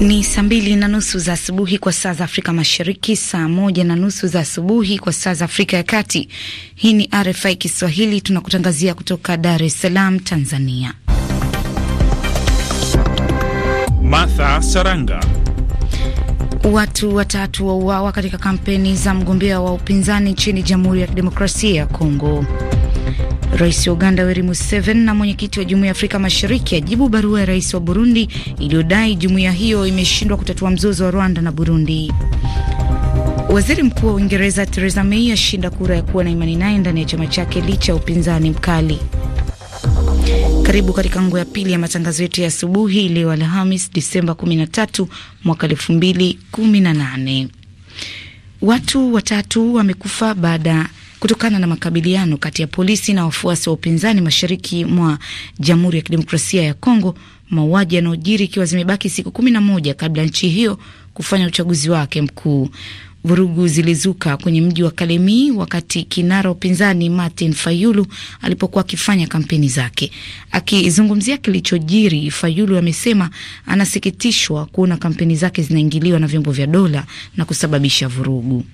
Ni saa mbili na nusu za asubuhi kwa saa za Afrika Mashariki, saa moja na nusu za asubuhi kwa saa za Afrika ya Kati. Hii ni RFI Kiswahili, tunakutangazia kutoka Dar es Salaam, Tanzania. Martha Saranga. Watu watatu wauawa katika kampeni za mgombea wa upinzani nchini Jamhuri ya Kidemokrasia ya Kongo. Rais wa Uganda Yoweri Museveni na mwenyekiti wa Jumuiya ya Afrika Mashariki ajibu barua ya rais wa Burundi iliyodai jumuiya hiyo imeshindwa kutatua mzozo wa Rwanda na Burundi. Waziri Mkuu wa Uingereza Theresa May ashinda kura ya kuwa na imani naye ndani ya chama chake licha ya upinzani mkali. Karibu katika ngo ya pili ya matangazo yetu ya asubuhi leo Alhamis Disemba 13 mwaka 2018. Watu watatu wamekufa baada kutokana na makabiliano kati ya polisi na wafuasi wa upinzani mashariki mwa Jamhuri ya Kidemokrasia ya Kongo, mauaji yanayojiri ikiwa zimebaki siku kumi na moja kabla nchi hiyo kufanya uchaguzi wake mkuu. Vurugu zilizuka kwenye mji wa Kalemi wakati kinara upinzani Martin Fayulu alipokuwa akifanya kampeni zake. Akizungumzia kilichojiri, Fayulu amesema anasikitishwa kuona kampeni zake zinaingiliwa na vyombo vya dola na kusababisha vurugu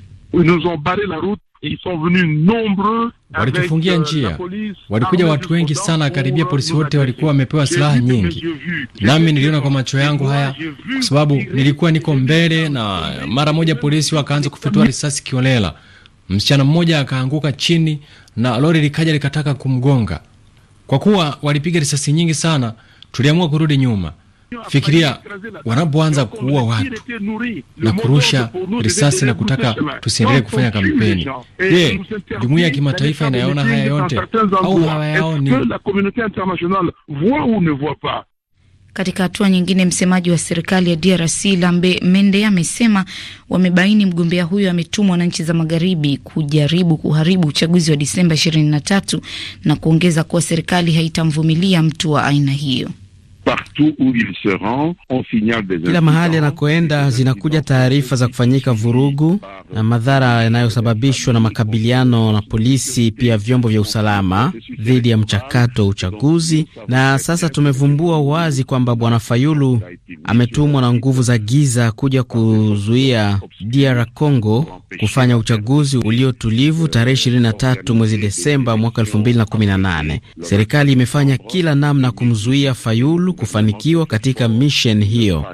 walitufungia euh, njia, walikuja watu wengi sana, karibia polisi wote walikuwa wamepewa silaha nyingi, nami niliona kwa macho yangu haya, kwa sababu nilikuwa niko mbele, na mara moja polisi wakaanza kufutua risasi kiolela. Msichana mmoja akaanguka chini na lori likaja likataka kumgonga. Kwa kuwa walipiga risasi nyingi sana, tuliamua kurudi nyuma. Fikiria wanapoanza kuua watu na kurusha risasi na kutaka tusiendelee kufanya kampeni. Je, jumuiya ya kimataifa inayaona haya yote au hawayaoni? Katika hatua nyingine, msemaji wa serikali ya DRC Lambe Mende amesema wamebaini mgombea huyo ametumwa na nchi za magharibi kujaribu kuharibu uchaguzi wa Disemba 23 na kuongeza kuwa serikali haitamvumilia mtu wa aina hiyo kila mahali yanakoenda zinakuja taarifa za kufanyika vurugu na madhara yanayosababishwa na makabiliano na polisi, pia vyombo vya usalama dhidi ya mchakato wa uchaguzi. Na sasa tumevumbua wazi kwamba bwana Fayulu ametumwa na nguvu za giza kuja kuzuia DR Congo kufanya uchaguzi uliotulivu tarehe 23 mwezi Desemba mwaka 2018. Serikali imefanya kila namna kumzuia Fayulu kufanikiwa katika mission hiyo.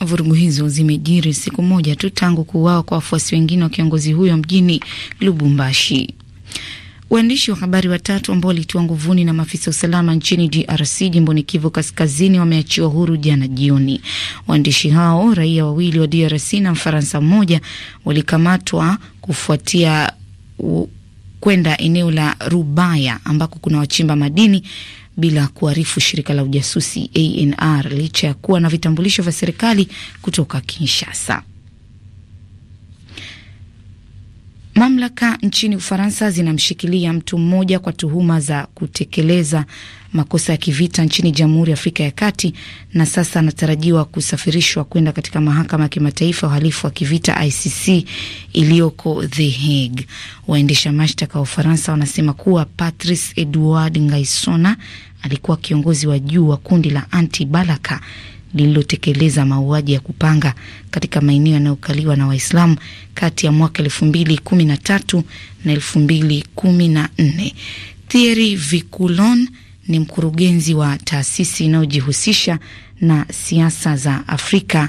Vurugu hizo zimejiri siku moja tu tangu kuuawa kwa wafuasi wengine wa kiongozi huyo mjini Lubumbashi. Waandishi wa habari watatu ambao walitiwa nguvuni na maafisa usalama nchini DRC jimboni Kivu Kaskazini wameachiwa huru jana jioni. Waandishi hao raia wawili wa DRC na Mfaransa mmoja walikamatwa kufuatia u kwenda eneo la Rubaya ambako kuna wachimba madini bila kuarifu shirika la ujasusi ANR licha ya kuwa na vitambulisho vya serikali kutoka Kinshasa. Mamlaka nchini Ufaransa zinamshikilia mtu mmoja kwa tuhuma za kutekeleza makosa ya kivita nchini Jamhuri ya Afrika ya Kati, na sasa anatarajiwa kusafirishwa kwenda katika mahakama ya kimataifa ya uhalifu wa kivita ICC iliyoko The Hague. Waendesha mashtaka wa Ufaransa wanasema kuwa Patrice Edouard Ngaisona alikuwa kiongozi wa juu wa kundi la Anti Balaka lililotekeleza mauaji ya kupanga katika maeneo yanayokaliwa na Waislamu kati ya mwaka elfu mbili kumi na tatu na elfu mbili kumi na nne. Thierry vikulon ni mkurugenzi wa taasisi inayojihusisha na siasa za Afrika,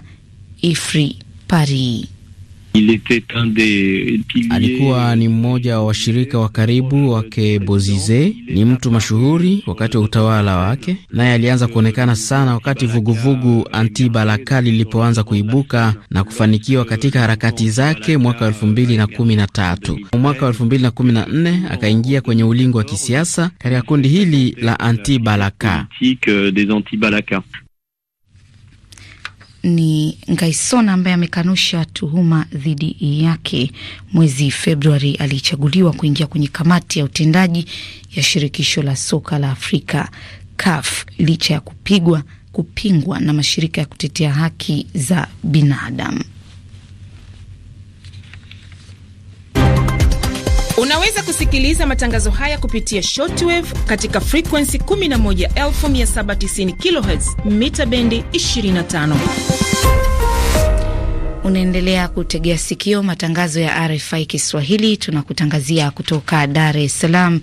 IFRI Paris. Alikuwa ni mmoja wa washirika wa karibu wake Bozize, ni mtu mashuhuri wakati wa utawala wake, naye alianza kuonekana sana wakati vuguvugu anti-balaka lilipoanza kuibuka na kufanikiwa katika harakati zake mwaka wa 2013. Mwaka wa 2014 akaingia kwenye ulingo wa kisiasa katika kundi hili la anti-balaka ni Ngaisona ambaye amekanusha tuhuma dhidi yake. Mwezi Februari alichaguliwa kuingia kwenye kamati ya utendaji ya shirikisho la soka la Afrika CAF licha ya kupigwa kupingwa na mashirika ya kutetea haki za binadamu. Unaweza kusikiliza matangazo haya kupitia shortwave katika frequency 11790 kHz mita bendi 25. Unaendelea kutegea sikio matangazo ya RFI Kiswahili, tunakutangazia kutoka Dar es Salaam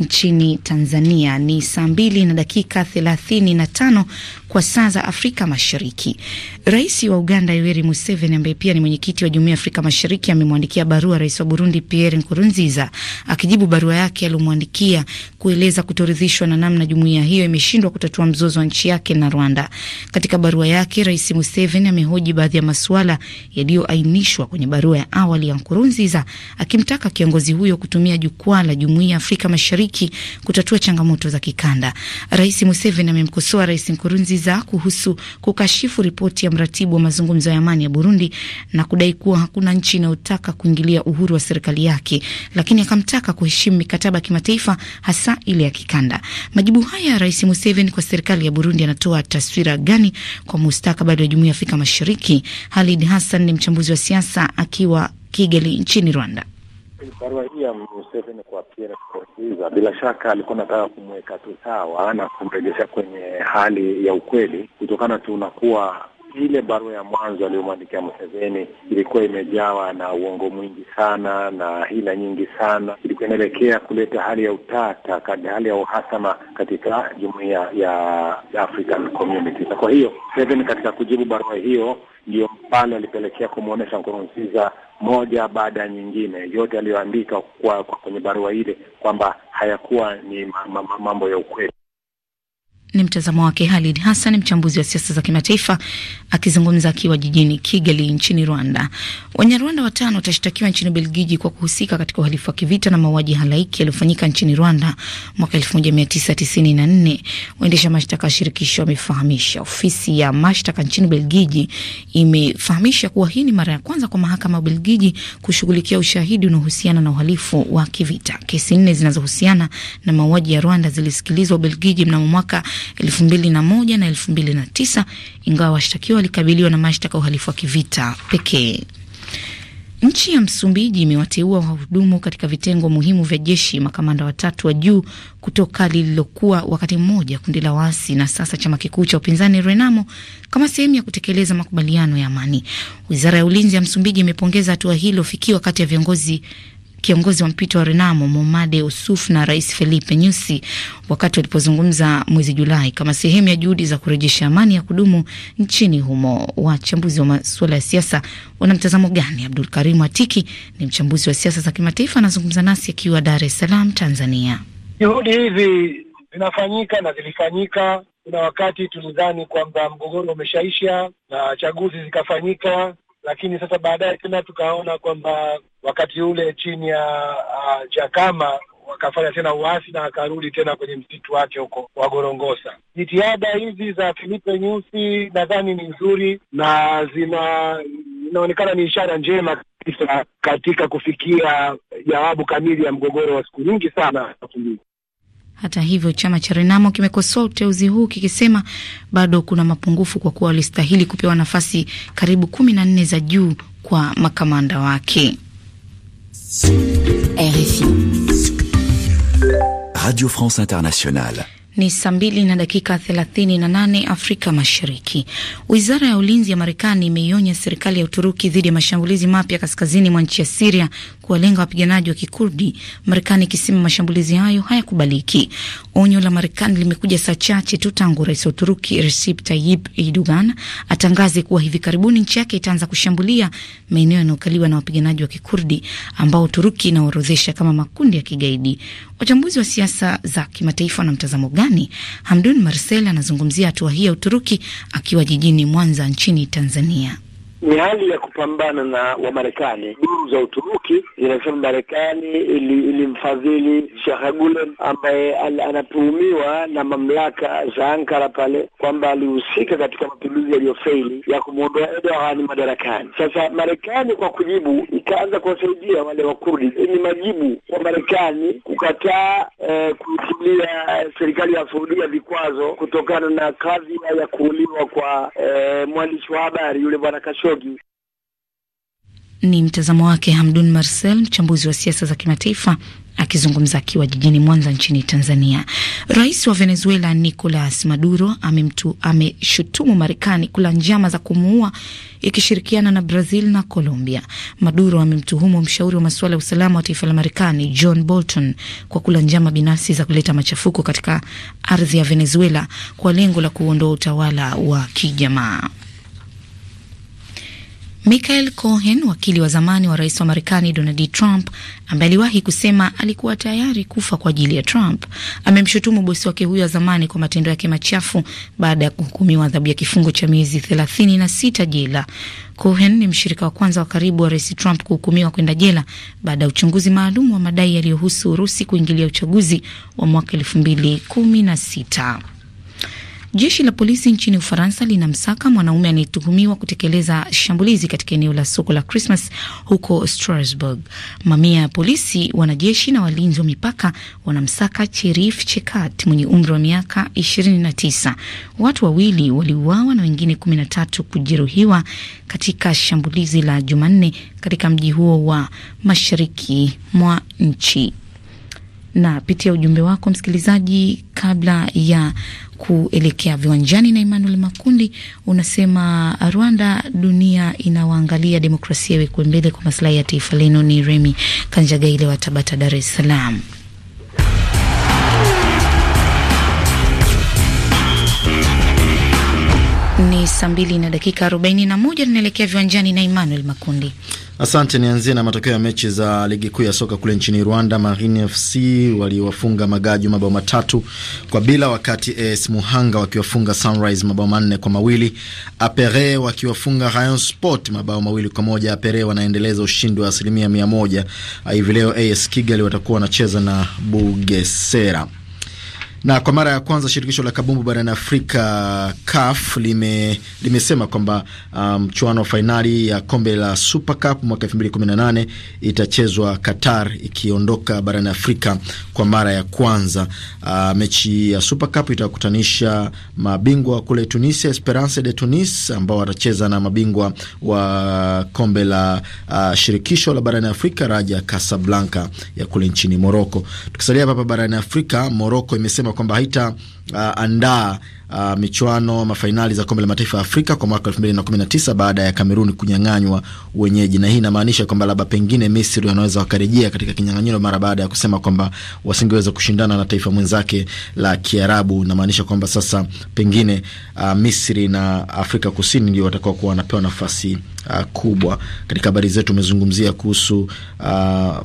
nchini Tanzania ni saa mbili na dakika thelathini na tano kwa saa za Afrika Mashariki. Rais wa Uganda Yoweri Museveni ambaye pia ni mwenyekiti wa Jumuiya ya Afrika Mashariki amemwandikia barua rais wa Burundi Pierre Nkurunziza akijibu barua yake aliyomwandikia kueleza kutoridhishwa na namna jumuiya hiyo imeshindwa kutatua mzozo wa nchi yake na Rwanda. Katika barua yake, Rais Museveni amehoji baadhi ya masuala yaliyoainishwa kwenye barua ya awali ya Nkurunziza akimtaka kiongozi huyo kutumia jukwaa la Jumuiya ya Afrika Mashariki kushiriki kutatua changamoto za kikanda. Rais Museveni amemkosoa Rais Nkurunziza kuhusu kukashifu ripoti ya mratibu wa mazungumzo ya amani ya Burundi na kudai kuwa hakuna nchi inayotaka kuingilia uhuru wa serikali yake, lakini akamtaka kuheshimu mikataba ya kimataifa, hasa ile ya kikanda. Majibu haya Rais Museveni kwa serikali ya Burundi anatoa taswira gani kwa mustakabali wa Jumuiya ya Afrika Mashariki? Halid Hassan ni mchambuzi wa siasa akiwa Kigali nchini Rwanda. Barua hii ya Museveni kwa Pierre kuuliza, bila shaka alikuwa anataka kumweka tu sawa na kumrejesha kwenye hali ya ukweli, kutokana tunakuwa ile barua ya mwanzo aliyomwandikia Museveni ilikuwa imejawa na uongo mwingi sana na hila nyingi sana, ilikuwa inaelekea kuleta hali ya utata, hali ya uhasama katika jumuiya ya African Community. Na kwa hiyo Museveni katika kujibu barua hiyo ndiyo pale alipelekea kumwonyesha Nkurunziza moja baada ya nyingine, yote aliyoandika kwa kwenye barua ile kwamba hayakuwa ni mambo ya ukweli. Ni mtazamo wake Halid Hassan, mchambuzi wa siasa za kimataifa, akizungumza akiwa jijini Kigali nchini Rwanda. Wanyarwanda watano watashtakiwa nchini Ubelgiji kwa kuhusika katika uhalifu wa kivita na mauaji halaiki yaliyofanyika nchini Rwanda mwaka 1994. Waendesha mashtaka ya shirikisho wamefahamisha. Ofisi ya mashtaka nchini Ubelgiji imefahamisha kuwa hii ni mara ya kwanza kwa mahakama ya Ubelgiji kushughulikia ushahidi unaohusiana na uhalifu wa kivita. Kesi nne zinazohusiana na mauaji ya Rwanda zilisikilizwa Ubelgiji mnamo mwaka elfu mbili na moja na elfu mbili na tisa ingawa washtakiwa walikabiliwa na mashtaka ya uhalifu wa kivita pekee. Nchi ya Msumbiji imewateua wahudumu katika vitengo muhimu vya jeshi makamanda watatu wa juu kutoka lililokuwa wakati mmoja kundi la waasi na sasa chama kikuu cha upinzani Renamo kama sehemu ya kutekeleza makubaliano ya amani. Wizara ya ulinzi ya Msumbiji imepongeza hatua hilo fikiwa kati ya viongozi kiongozi wa mpito wa Renamo Momade Usuf na Rais Felipe Nyusi wakati walipozungumza mwezi Julai kama sehemu ya juhudi za kurejesha amani ya kudumu nchini humo. Wachambuzi wa masuala ya siasa wana mtazamo gani? Abdul Karimu Atiki ni mchambuzi wa siasa za kimataifa, anazungumza nasi akiwa Dar es Salaam, Tanzania. Juhudi hizi zinafanyika na zilifanyika kuna wakati tulidhani kwamba mgogoro umeshaisha na chaguzi zikafanyika, lakini sasa baadaye tena tukaona kwamba wakati ule chini ya uh, wakafanya tena uasi na akarudi tena kwenye msitu wake huko wa Gorongosa. Jitihada hizi za Filipe Nyusi nadhani ni nzuri na zina inaonekana ni ishara njema kabisa katika kufikia jawabu kamili ya mgogoro wa siku nyingi sana. Hata hivyo, chama cha Renamo kimekosoa uteuzi huu kikisema bado kuna mapungufu kwa kuwa walistahili kupewa nafasi karibu kumi na nne za juu kwa makamanda wake. RFI Radio France Internationale. Ni saa mbili na dakika thelathini na nane Afrika Mashariki. Wizara ya ulinzi ya Marekani imeionya serikali ya Uturuki dhidi ya mashambulizi mapya kaskazini mwa nchi ya Siria kuwalenga wapiganaji wa Kikurdi, Marekani ikisema mashambulizi hayo hayakubaliki. Onyo la Marekani limekuja saa chache tu tangu rais wa Uturuki Recep Tayyip Erdogan atangaze kuwa hivi karibuni nchi yake itaanza kushambulia maeneo yanayokaliwa na wapiganaji wa Kikurdi ambao Uturuki inaorodhesha kama makundi ya kigaidi. Wachambuzi wa siasa za kimataifa na mtazamo gani? Hamdun Marcel anazungumzia hatua hii ya Uturuki akiwa jijini Mwanza nchini Tanzania ni hali ya kupambana na Wamarekani. Duru za Uturuki zinasema Marekani ilimfadhili ili Sheikh Gulen ambaye anatuhumiwa na mamlaka za Ankara pale kwamba alihusika katika mapinduzi yaliyofeili ya kumwondoa Erdogan madarakani. Sasa Marekani kwa kujibu ikaanza kuwasaidia wale Wakurdi. Ni majibu kwa Marekani kukataa eh, kuitulia eh, serikali ya Saudia vikwazo kutokana na kadhia ya kuuliwa kwa eh, mwandishi wa habari yule bwana Kasho mtego. Ni mtazamo wake Hamdun Marcel, mchambuzi wa siasa za kimataifa akizungumza akiwa jijini Mwanza nchini Tanzania. Rais wa Venezuela Nicolas Maduro ameshutumu ame Marekani kula njama za kumuua ikishirikiana na Brazil na Colombia. Maduro amemtuhumu mshauri wa masuala ya usalama wa taifa la Marekani John Bolton kwa kula njama binafsi za kuleta machafuko katika ardhi ya Venezuela kwa lengo la kuondoa utawala wa kijamaa. Michael Cohen, wakili wa zamani wa rais wa Marekani Donald Trump, ambaye aliwahi kusema alikuwa tayari kufa kwa ajili ya Trump, amemshutumu bosi wake huyo wa zamani kwa matendo yake machafu baada ya kuhukumiwa adhabu ya kifungo cha miezi thelathini na sita jela. Cohen ni mshirika wa kwanza wa karibu wa rais Trump kuhukumiwa kwenda jela baada ya uchunguzi maalum wa madai yaliyohusu Urusi kuingilia uchaguzi wa mwaka elfu mbili kumi na sita. Jeshi la polisi nchini Ufaransa linamsaka mwanaume anayetuhumiwa kutekeleza shambulizi katika eneo la soko la Christmas huko Strasbourg. Mamia ya polisi, wanajeshi na walinzi wa mipaka wanamsaka Cherif Chekat mwenye umri wa miaka 29. Watu wawili waliuawa na wengine 13 kujeruhiwa katika shambulizi la Jumanne katika mji huo wa mashariki mwa nchi na pitia ujumbe wako msikilizaji, kabla ya kuelekea viwanjani na Emmanuel Makundi. Unasema Rwanda, dunia inawaangalia, demokrasia iwekwe mbele kwa maslahi ya taifa lenu. Ni Remi Kanjagaile wa Tabata, Dar es Salaam. saa mbili na dakika arobaini na moja tunaelekea viwanjani na Emmanuel Makundi. Asante, nianzie na matokeo ya mechi za ligi kuu ya soka kule nchini Rwanda. Marine FC waliwafunga Magaju mabao matatu kwa bila, wakati AS Muhanga wakiwafunga Sunrise mabao manne kwa mawili. Apere wakiwafunga Rayon Sport mabao mawili kwa moja. Apere wanaendeleza ushindi wa asilimia mia moja. Hivi leo AS Kigali watakuwa wanacheza na Bugesera. Na kwa mara ya kwanza shirikisho la kabumbu barani Afrika CAF lime, limesema kwamba um, mchuano um, wa fainali ya kombe la Super Cup mwaka 2018 itachezwa Qatar ikiondoka barani Afrika kwa mara ya kwanza. Uh, mechi ya Super Cup itakutanisha mabingwa kule Tunisia, Esperance de Tunis ambao watacheza na mabingwa wa kombe la uh, shirikisho la barani Afrika Raja Casablanca ya kule nchini Morocco. Tukisalia hapa barani Afrika, Morocco imesema kwamba haita uh, andaa uh, michuano ama fainali za kombe la mataifa ya Afrika kwa mwaka na na kumi tisa baada ya Kameruni kunyang'anywa wenyeji, na hii inamaanisha kwamba labda pengine Misri wanaweza wakarejea katika kinyang'anyiro mara baada ya kusema kwamba wasingeweza kushindana na taifa mwenzake la Kiarabu. Inamaanisha kwamba sasa pengine uh, Misri na Afrika Kusini ndio watakuwa kuwa wanapewa nafasi uh, kubwa. Katika habari zetu umezungumzia kuhusu uh,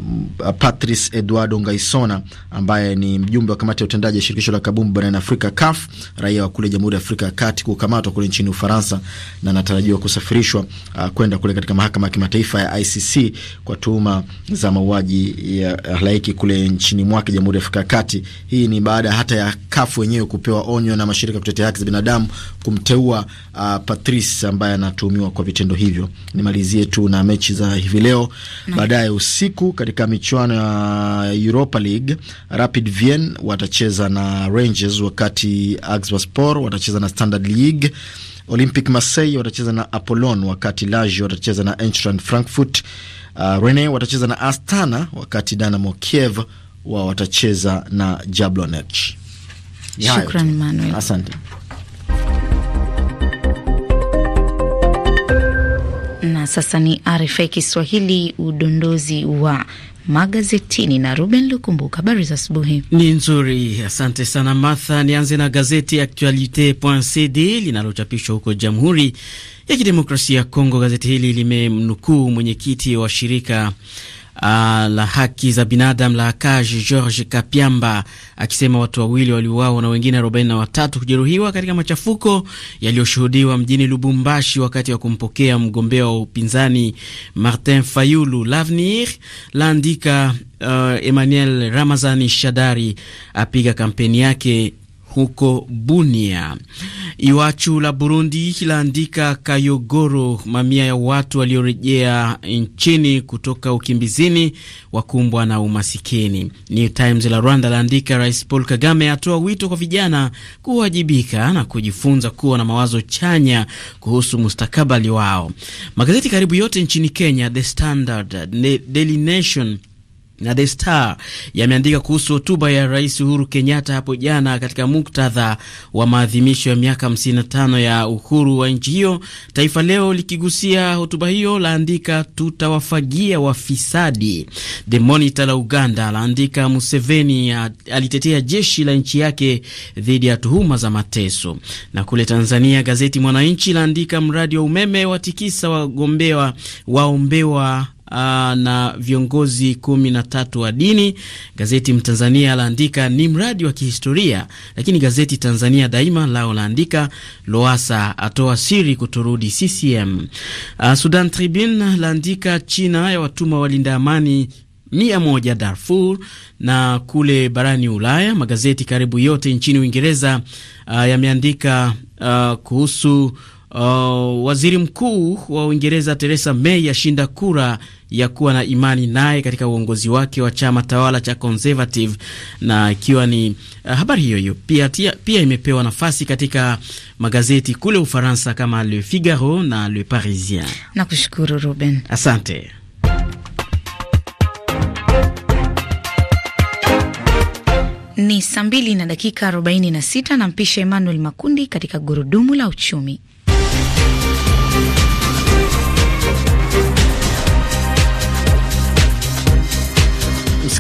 Patrice Eduardo Ngaisona ambaye ni mjumbe wa kamati ya utendaji ya shirikisho la kabumbu barani Afrika Afrika CAF, raia wa kule Jamhuri ya Afrika ya Kati kukamatwa kule nchini Ufaransa na anatarajiwa kusafirishwa uh, kwenda kule katika mahakama ya kimataifa ya ICC kwa tuhuma za mauaji ya halaiki kule nchini mwake Jamhuri ya Afrika ya Kati. Hii ni baada hata ya CAF wenyewe kupewa onyo na mashirika ya kutetea haki za binadamu kumteua uh, Patrice ambaye anatuhumiwa kwa vitendo hivyo. Nimalizie tu na mechi za hivi leo baadaye usiku katika michuano ya Europa League, Rapid Vienna watacheza na Rangers waka wakati Akspor watacheza na Standard League, Olympic Marseille watacheza na Apollon, wakati Lazio watacheza na Eintracht Frankfurt. Uh, Rene watacheza na Astana, wakati Dynamo Kiev wao watacheza na Jablonec. Manuel, asante. Na sasa ni RFI Kiswahili, udondozi wa magazetini na Ruben Lukumbuka. Habari za asubuhi. Ni nzuri, asante sana Martha. Nianze na gazeti Actualite.cd linalochapishwa huko Jamhuri ya Kidemokrasia ya Kongo. Gazeti hili limemnukuu mwenyekiti wa shirika uh, la haki za binadamu la Akaji George Kapiamba akisema watu wawili waliuawa na wengine 43 kujeruhiwa katika machafuko yaliyoshuhudiwa mjini Lubumbashi wakati wa kumpokea mgombea wa upinzani Martin Fayulu. L'avenir laandika uh, Emmanuel Ramazani Shadari apiga kampeni yake huko Bunia. Iwachu la Burundi laandika Kayogoro, mamia ya watu waliorejea nchini kutoka ukimbizini wakumbwa na umasikini. New Times la Rwanda laandika Rais Paul Kagame atoa wito kwa vijana kuwajibika na kujifunza kuwa na mawazo chanya kuhusu mustakabali wao. Magazeti karibu yote nchini Kenya, The Standard, Daily Nation na The Star yameandika kuhusu hotuba ya Rais Uhuru Kenyatta hapo jana katika muktadha wa maadhimisho ya miaka 55 ya uhuru wa nchi hiyo. Taifa Leo likigusia hotuba hiyo laandika, tutawafagia wafisadi. The Monitor la Uganda laandika, Museveni alitetea jeshi la nchi yake dhidi ya tuhuma za mateso. Na kule Tanzania, gazeti Mwananchi laandika, mradi wa umeme watikisa wagombewa waombewa uh, na viongozi kumi na tatu wa dini. Gazeti Mtanzania laandika ni mradi wa kihistoria, lakini gazeti Tanzania Daima lao laandika Loasa atoa siri kutorudi CCM. Uh, ah, Sudan Tribune laandika China ya watuma walinda amani mia moja Darfur. Na kule barani Ulaya, magazeti karibu yote nchini Uingereza uh, yameandika uh, kuhusu Uh, waziri mkuu wa Uingereza Theresa May ashinda kura ya kuwa na imani naye katika uongozi wake wa chama tawala cha Conservative, na ikiwa ni uh, habari hiyo hiyo pia, pia imepewa nafasi katika magazeti kule Ufaransa kama Le Figaro na Le Parisien. Nakushukuru Ruben, asante. Ni saa mbili na dakika 46 na mpisha Emmanuel Makundi katika gurudumu la uchumi.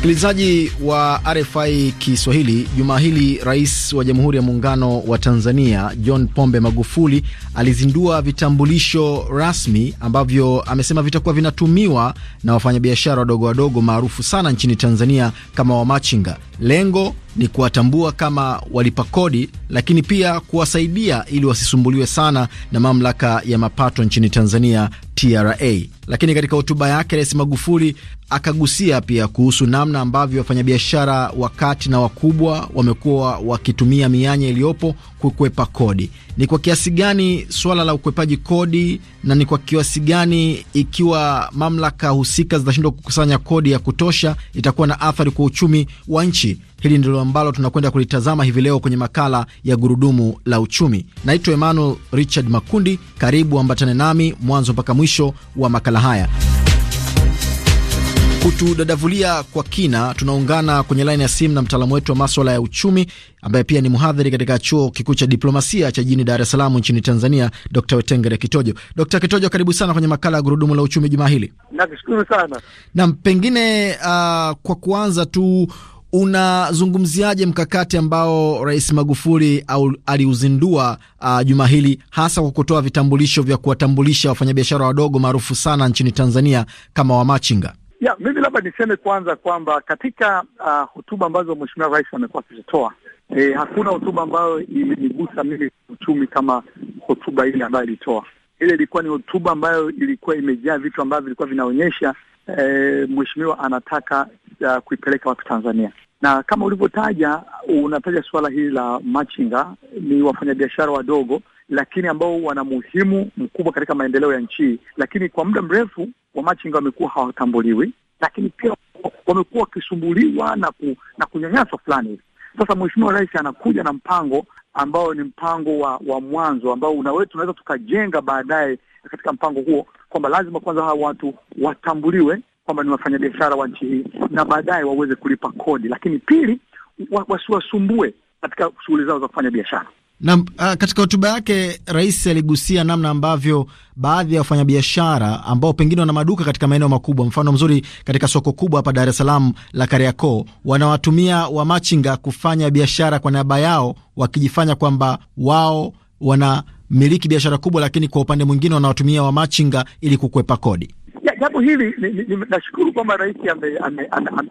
Msikilizaji wa RFI Kiswahili, jumaa hili Rais wa Jamhuri ya Muungano wa Tanzania John Pombe Magufuli alizindua vitambulisho rasmi ambavyo amesema vitakuwa vinatumiwa na wafanyabiashara wadogo wadogo maarufu sana nchini Tanzania kama wamachinga. Lengo ni kuwatambua kama walipa kodi, lakini pia kuwasaidia ili wasisumbuliwe sana na mamlaka ya mapato nchini Tanzania TRA. Lakini katika hotuba yake Rais Magufuli akagusia pia kuhusu namna ambavyo wafanyabiashara wa kati na wakubwa wamekuwa wakitumia mianya iliyopo kukwepa kodi. Ni kwa kiasi gani suala la ukwepaji kodi, na ni kwa kiasi gani ikiwa mamlaka husika zitashindwa kukusanya kodi ya kutosha, itakuwa na athari kwa uchumi wa nchi? Hili ndilo ambalo tunakwenda kulitazama hivi leo kwenye makala ya gurudumu la uchumi. Naitwa Emmanuel Richard Makundi. Karibu ambatane nami mwanzo mpaka mwisho wa makala haya. Kutudadavulia kwa kina, tunaungana kwenye laini ya simu na mtaalamu wetu wa maswala ya uchumi ambaye pia ni mhadhiri katika chuo kikuu cha diplomasia cha jijini Dar es Salaam nchini Tanzania, d Wetengere Kitojo. Dr Kitojo, karibu sana kwenye makala ya gurudumu la uchumi jumaa hili. Nakushukuru sana. nam, pengine uh, kwa kuanza tu unazungumziaje mkakati ambao Rais Magufuli aliuzindua aliuzindua uh, juma hili hasa kwa kutoa vitambulisho vya kuwatambulisha wafanyabiashara wadogo maarufu sana nchini Tanzania kama wamachinga? Ya, mimi labda niseme kwanza kwamba katika uh, hotuba ambazo Mheshimiwa Rais amekuwa akizitoa e, hakuna hotuba ambayo imenigusa mimi uchumi kama hotuba ile ambayo ilitoa. Ile ilikuwa ni hotuba ambayo ilikuwa imejaa vitu ambavyo vilikuwa vinaonyesha e, mheshimiwa anataka uh, kuipeleka watu Tanzania na kama ulivyotaja, unataja suala hili la machinga, ni wafanyabiashara wadogo lakini ambao wana muhimu mkubwa katika maendeleo ya nchi. Lakini kwa muda mrefu wamachinga wamekuwa hawatambuliwi, lakini pia wamekuwa wakisumbuliwa na, ku, na kunyanyaswa fulani hivi. Sasa Mheshimiwa Rais anakuja na mpango ambao ni mpango wa, wa mwanzo ambao unawe tunaweza tukajenga baadaye katika mpango huo kwamba lazima kwanza hawa watu watambuliwe kwamba ni wafanyabiashara wa nchi hii na baadaye waweze kulipa kodi, lakini pili wasiwasumbue katika shughuli zao za kufanya biashara. Na uh, ah, katika hotuba yake rais aligusia namna ambavyo baadhi ya wafanyabiashara ambao pengine wana maduka katika maeneo makubwa, mfano mzuri katika soko kubwa hapa Dar es Salaam la Kariakoo, wanawatumia wamachinga kufanya biashara kwa niaba yao, wakijifanya kwamba wao wanamiliki biashara kubwa, lakini kwa upande mwingine wanawatumia wamachinga ili kukwepa kodi jambo hili nashukuru kwamba rais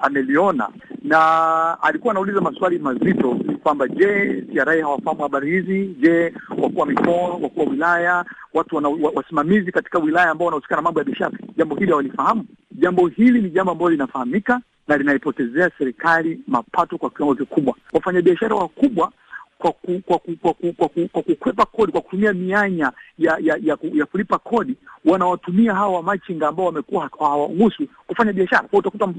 ameliona na alikuwa anauliza maswali mazito kwamba je, TRA hawafahamu habari hizi? Je, wakuu wa mikoa, wakuu wa wilaya, watu wana, wasimamizi katika wilaya ambao wanahusika na mambo ya biashara, jambo hili hawalifahamu? Jambo hili ni jambo ambalo linafahamika na linaipotezea serikali mapato kwa kiwango kikubwa. Wafanyabiashara wakubwa kwa ku, kwa, ku, kwa, ku, kwa, ku, kwa kukwepa kodi kwa kutumia mianya ya ya, ya, ya kulipa kodi, wanawatumia hawa machinga ambao wamekuwa hawaruhusu kufanya biashara. Kwa utakuta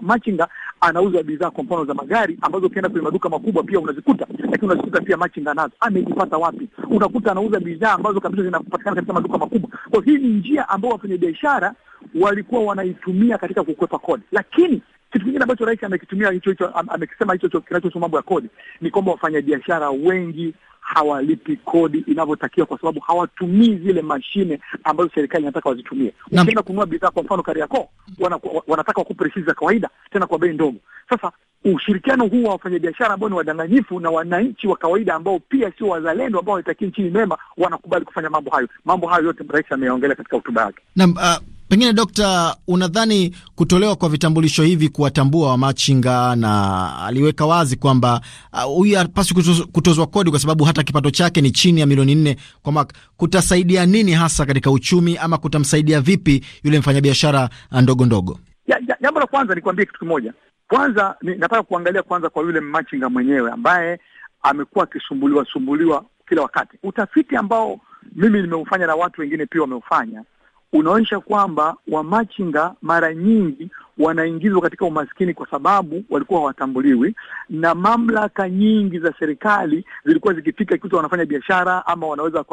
machinga anauza bidhaa kwa mfano za magari ambazo ukienda kwenye maduka makubwa pia unazikuta, lakini unazikuta pia machinga nazo amejipata wapi? Unakuta anauza bidhaa ambazo kabisa zinapatikana katika maduka makubwa. Kwa hii ni njia ambao wafanya biashara walikuwa wanaitumia katika kukwepa kodi, lakini kitu kingine ambacho rais amekitumia hicho hicho, amekisema hicho hicho kinachohusu mambo ya kodi ni kwamba wafanyabiashara wengi hawalipi kodi inavyotakiwa kwa sababu hawatumii zile mashine ambazo serikali inataka wazitumie. Ukienda kununua bidhaa, kwa mfano Kariakoo, wana, wanataka wakupe risiti za kawaida tena kwa bei ndogo. Sasa ushirikiano huu wa wafanyabiashara ambao ni wadanganyifu na wananchi wa kawaida ambao pia sio wazalendo ambao wanaitakia nchini mema, wanakubali kufanya mambo hayo. Mambo hayo yote rais ameyaongelea katika hotuba yake. Naam. Ah, Pengine Dokta, unadhani kutolewa kwa vitambulisho hivi kuwatambua wamachinga, na aliweka wazi kwamba uh, huyu uh, hapaswi kutozwa kodi kwa sababu hata kipato chake ni chini ya milioni nne kwa mwaka, kutasaidia nini hasa katika uchumi ama kutamsaidia vipi yule mfanyabiashara uh, ndogo ndogo? Jambo la kwanza nikuambie kitu kimoja kwanza ni, nataka kuangalia kwanza kwa yule machinga mwenyewe ambaye amekuwa akisumbuliwa sumbuliwa kila wakati. Utafiti ambao mimi nimeufanya na watu wengine pia wameufanya unaonyesha kwamba wamachinga mara nyingi wanaingizwa katika umaskini kwa sababu walikuwa hawatambuliwi, na mamlaka nyingi za serikali zilikuwa zikifika ikuta wanafanya biashara ama wanaweza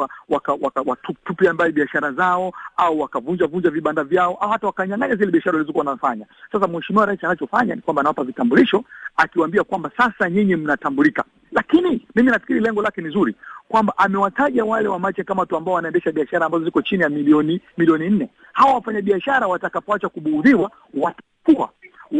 watupia mbali biashara zao au wakavunja vunja vibanda vyao au hata wakanyang'anya zile biashara walizokuwa wanafanya. Sasa Mheshimiwa Rais anachofanya ni kwamba anawapa vitambulisho, akiwaambia kwamba sasa nyinyi mnatambulika lakini mimi nafikiri lengo lake ni zuri, kwamba amewataja wale wamache kama watu ambao wanaendesha biashara ambazo ziko chini ya milioni milioni nne. Hawa wafanyabiashara watakapoacha kubuudhiwa watakuwa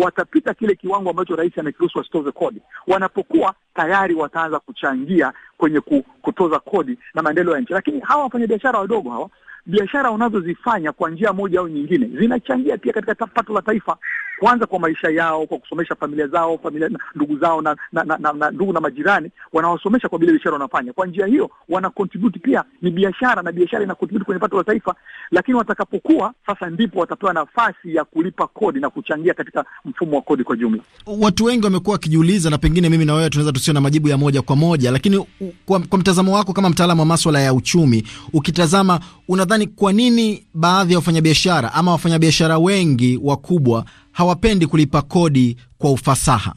watapita kile kiwango ambacho rais amekiruhusu wasitoze kodi. Wanapokuwa tayari wataanza kuchangia kwenye kutoza kodi na maendeleo ya nchi. Lakini hawa wafanyabiashara wadogo hawa biashara unazozifanya kwa njia moja au nyingine zinachangia pia katika pato la taifa kwanza kwa maisha yao, kwa kusomesha familia zao, familia ndugu zao na na, na, na, na ndugu na majirani, wanawasomesha kwa vile biashara wanafanya. Kwa njia hiyo wana contribute pia, ni biashara na biashara ina contribute kwenye pato la taifa, lakini watakapokuwa sasa, ndipo watapewa nafasi ya kulipa kodi na kuchangia katika mfumo wa kodi kwa jumla. Watu wengi wamekuwa wakijiuliza, na pengine mimi na wewe tunaweza tusio na majibu ya moja kwa moja, lakini kwa, kwa mtazamo wako kama mtaalamu wa maswala ya uchumi, ukitazama, unadhani kwa nini baadhi ya wafanyabiashara ama wafanyabiashara wengi wakubwa hawapendi kulipa kodi kwa ufasaha.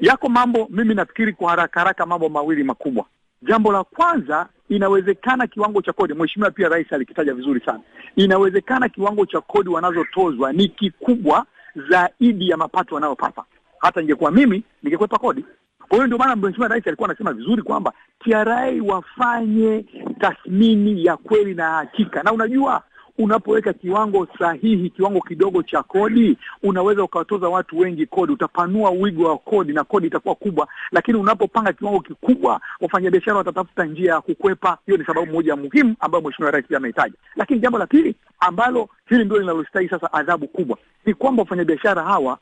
Yako mambo, mimi nafikiri kwa haraka haraka mambo mawili makubwa. Jambo la kwanza, inawezekana kiwango cha kodi, mheshimiwa pia rais alikitaja vizuri sana, inawezekana kiwango cha kodi wanazotozwa ni kikubwa zaidi ya mapato wanayopata. Hata ningekuwa mimi ningekwepa kodi. Kwa hiyo ndio maana mheshimiwa rais alikuwa anasema vizuri kwamba TRA wafanye tathmini ya kweli na hakika, na unajua unapoweka kiwango sahihi, kiwango kidogo cha kodi, unaweza ukawatoza watu wengi kodi, utapanua wigo wa kodi na kodi itakuwa kubwa. Lakini unapopanga kiwango kikubwa, wafanyabiashara watatafuta njia ya kukwepa. Hiyo ni sababu moja muhimu ambayo Mheshimiwa Rais amehitaji. Lakini jambo la pili ambalo hili ndio linalostahi sasa adhabu kubwa ni kwamba wafanyabiashara hawa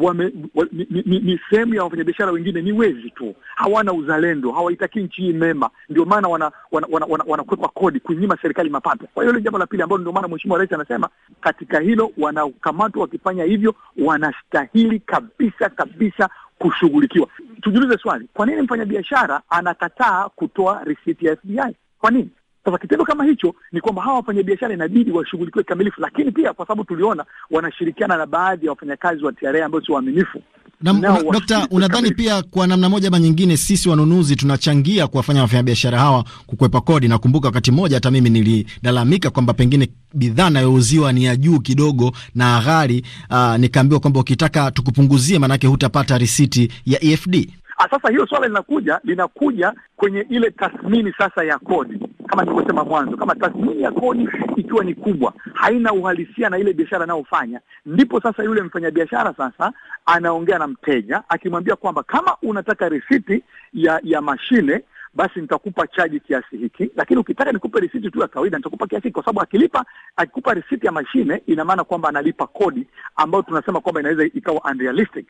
wame, ni, ni, ni sehemu ya wafanyabiashara wengine ni wezi tu, hawana uzalendo, hawaitaki nchi hii mema, ndio maana wanakwepa wana, wana, wana, wana kodi, kunyima serikali mapato. Kwa hiyo hilo jambo la pili ambalo ndio maana Mheshimiwa Rais anasema katika hilo wanakamatwa wakifanya hivyo wanastahili kabisa kabisa kushughulikiwa. Tujiulize swali, kwa nini mfanyabiashara anakataa kutoa risiti ya FBI? Kwa nini? Sasa kitendo kama hicho ni kwamba hawa wafanyabiashara inabidi washughulikiwe kikamilifu, lakini pia kwa sababu tuliona wanashirikiana na baadhi ya wafanyakazi wa TRA ambao sio waaminifu. Dokta, unadhani pia kwa namna moja ama nyingine sisi wanunuzi tunachangia kuwafanya wafanyabiashara hawa kukwepa kodi? Nakumbuka wakati mmoja hata mimi nililalamika kwamba pengine bidhaa nayouziwa ni ya juu kidogo na ghali, ah, nikaambiwa kwamba ukitaka tukupunguzie, maanake hutapata risiti ya EFD. Ah, sasa hiyo swala linakuja linakuja kwenye ile tathmini sasa ya kodi, kama nilivyosema mwanzo, kama tathmini ya kodi ikiwa ni kubwa, haina uhalisia na ile biashara anayofanya, ndipo sasa yule mfanyabiashara sasa anaongea na mteja akimwambia kwamba kama unataka risiti ya ya mashine basi nitakupa chaji kiasi hiki, lakini ukitaka nikupe risiti tu ya kawaida nitakupa kiasi hiki, kwa sababu akilipa, akikupa risiti ya mashine, ina maana kwamba analipa kodi ambayo tunasema kwamba inaweza ikawa unrealistic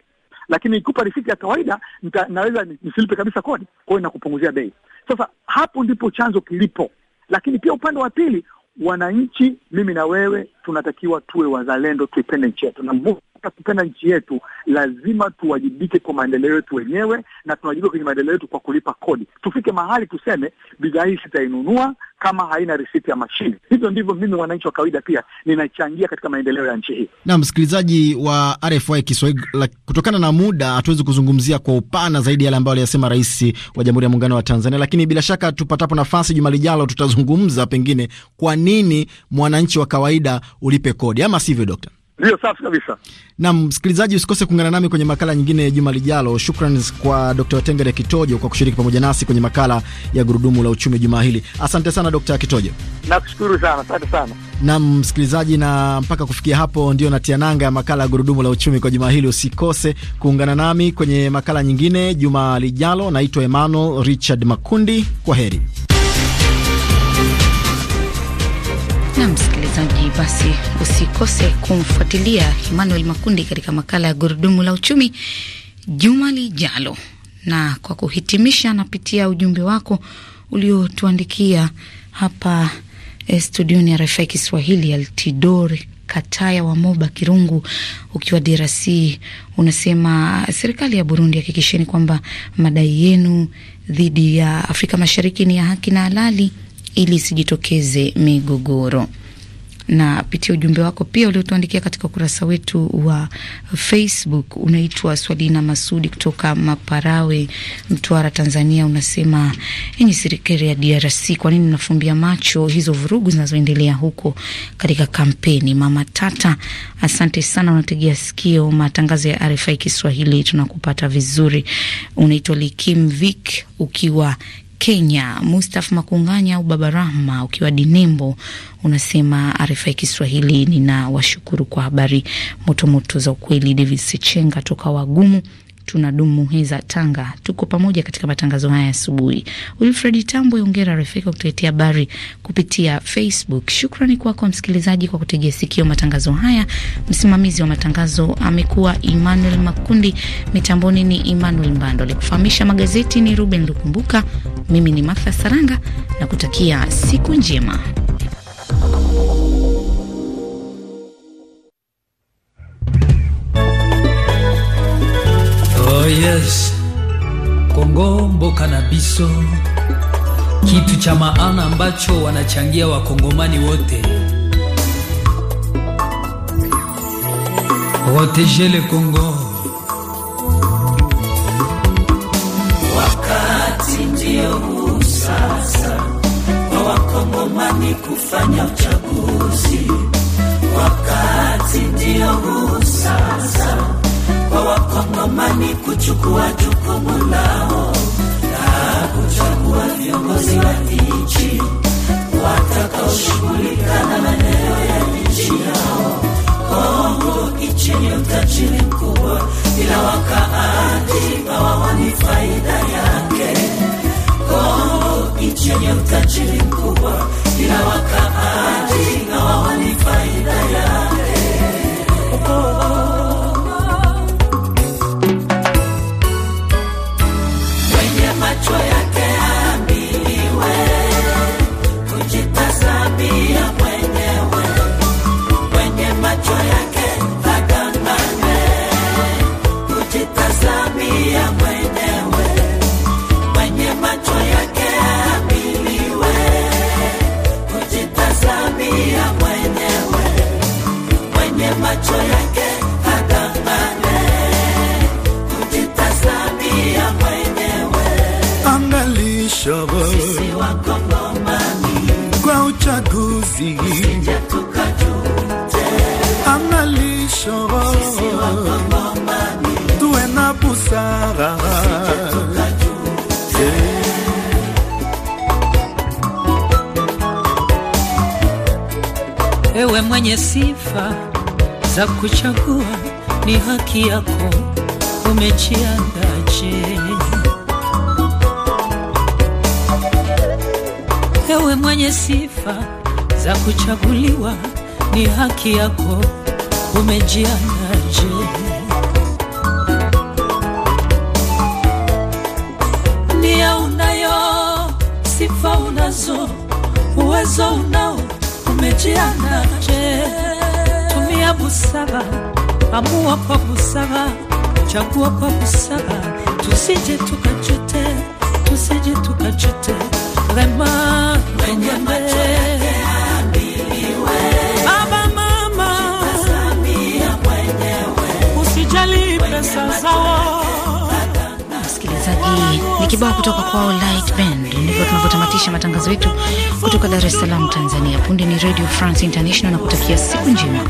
lakini ikupa risiti ya kawaida nita, naweza nisilipe kabisa kodi, kwa hiyo inakupunguzia bei. Sasa hapo ndipo chanzo kilipo, lakini pia upande wa pili wananchi, mimi na wewe tunatakiwa tuwe wazalendo, tuipende nchi yetu na mbu katika kupenda nchi yetu lazima tuwajibike kwa maendeleo yetu wenyewe, na tunawajibika kwenye maendeleo yetu kwa kulipa kodi. Tufike mahali tuseme bidhaa hii sitainunua kama haina risiti ya mashine. Hivyo ndivyo mimi mwananchi wa kawaida pia ninachangia katika maendeleo ya nchi hii. Na msikilizaji wa RFI Kiswahili, kutokana na muda hatuwezi kuzungumzia kwa upana zaidi yale ambayo aliyasema Rais wa Jamhuri ya Muungano wa Tanzania, lakini bila shaka tupatapo nafasi juma lijalo tutazungumza pengine kwa nini mwananchi wa kawaida ulipe kodi, ama sivyo, Dokta? Ndio, safi kabisa. Naam, msikilizaji, usikose kuungana nami kwenye makala nyingine juma lijalo. Shukran kwa Dr. Tengere Kitojo kwa kushiriki pamoja nasi kwenye makala ya gurudumu la uchumi juma hili. Asante sana Dr. Kitojo. Nakushukuru sana, asante sana. Naam, msikilizaji, na mpaka kufikia hapo ndio natia nanga ya makala ya gurudumu la uchumi kwa juma hili. Usikose kuungana nami kwenye makala nyingine juma lijalo. Naitwa Emmanuel Richard Makundi, kwa heri. basi usikose kumfuatilia Emmanuel Makundi katika makala ya gurudumu la uchumi juma lijalo. Na kwa kuhitimisha, napitia ujumbe wako uliotuandikia hapa eh, studioni ya RFI Kiswahili. altidor Kataya wa Moba Kirungu, ukiwa DRC, unasema serikali ya Burundi, hakikisheni kwamba madai yenu dhidi ya Afrika Mashariki ni ya haki na halali ili isijitokeze migogoro na pitia ujumbe wako pia uliotuandikia katika ukurasa wetu wa Facebook. Unaitwa Swalina Masudi kutoka Maparawe, Mtwara, Tanzania. Unasema, enyi serikali ya DRC, kwa nini nafumbia macho hizo vurugu zinazoendelea huko katika kampeni? Mama Tata, asante sana, unategea sikio matangazo ya RFI Kiswahili, tunakupata vizuri. Unaitwa Likim Vik ukiwa Kenya. Mustaf Makunganya au Baba Rahma, ukiwa Dinembo, unasema RFI Kiswahili, ninawashukuru kwa habari motomoto za ukweli. David Sechenga toka Wagumu tunadumu heza Tanga. Tuko pamoja katika matangazo haya asubuhi. Wilfred Tambwe, ongera refika kutuletea habari kupitia Facebook. Shukrani kwako msikilizaji kwa kutegea sikio matangazo haya. Msimamizi wa matangazo amekuwa Emmanuel Makundi, mitamboni ni Emmanuel mbando kufahamisha magazeti ni Ruben Lukumbuka, mimi ni Martha Saranga na kutakia siku njema. Oh yes, Kongo mboka na biso, kitu cha maana ambacho wanachangia wakongomani wote. Proteger le Congo. Wakati ndio huu sasa wa wakongomani kufanya uchaguzi. Wakati ndio huu sasa Wakongomani kuchukua jukumu lao na kuchagua viongozi wa nchi watakaoshughulika na maeneo ya nchi yao. Kongo nchi ni utajiri mkubwa, ila wakaaji hawaoni faida yake. Kongo nchi ni utajiri mkubwa, ila wakaaji hawaoni faida yake. zenye sifa za kuchagua, ni haki yako. Umejiandaje ewe mwenye sifa za kuchaguliwa? Ni haki yako. Umejiandaje? Nia unayo, sifa unazo, uwezo unao umejianaje? Tumia busara, amua kwa busara, chagua kwa busara, tusije tukajute, tusije tukajute. Rema mwenye macho yameambiwa baba mama, usijali pesa zao. Msikilizaji, ni kibao kutoka kwa Light Band ndivyo tunavyotamatisha matangazo yetu kutoka Dar es Salaam, Tanzania. Punde ni Radio France International na kutakia siku njema.